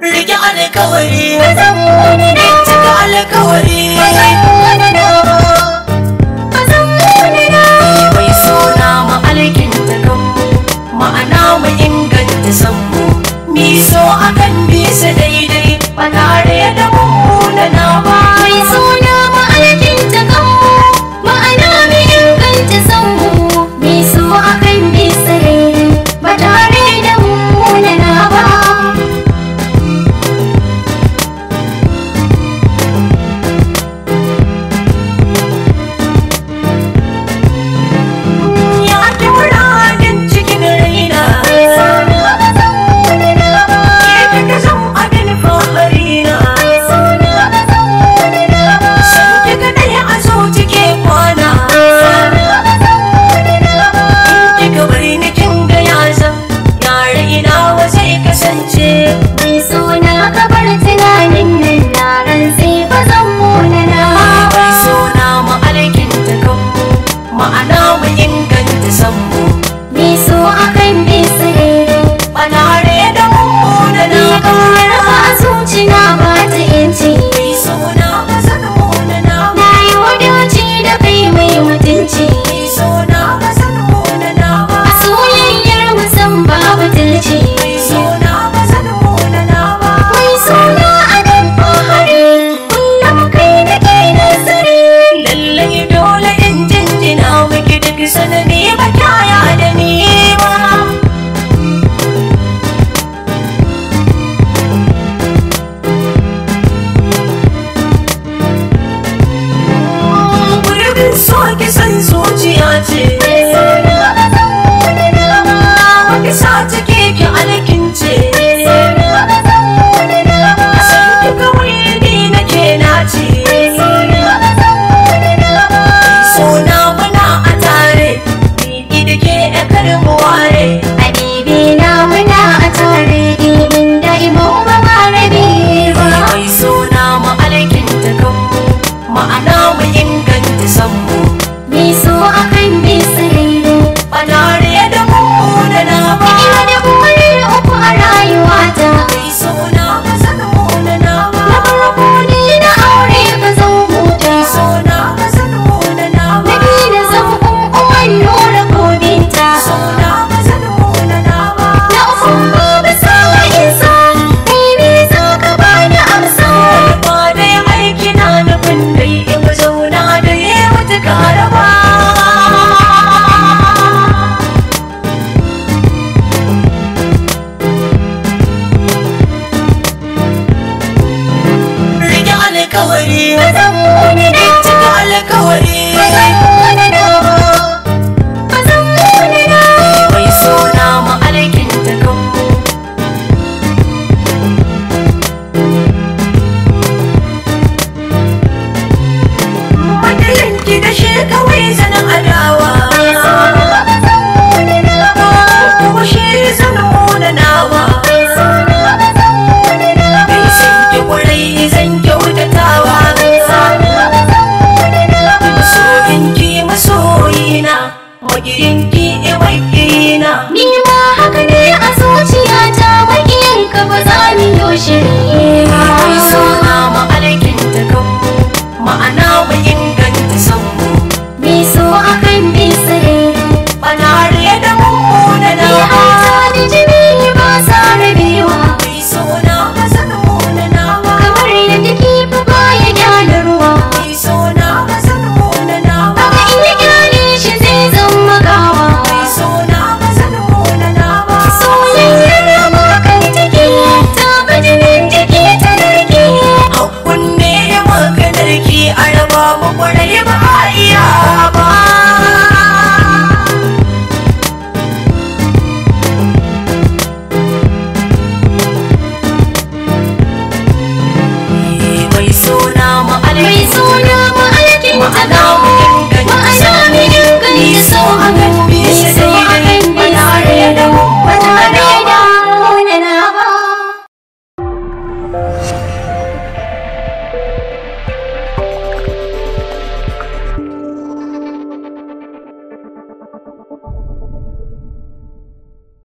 Rike alkawari na zama wani noite. Cause E, e na. Ni ma haka ne a zuciyata maƙiyanka ba za ni yaushe. Kai so na ma'alakin ta kan ma'ana baƙin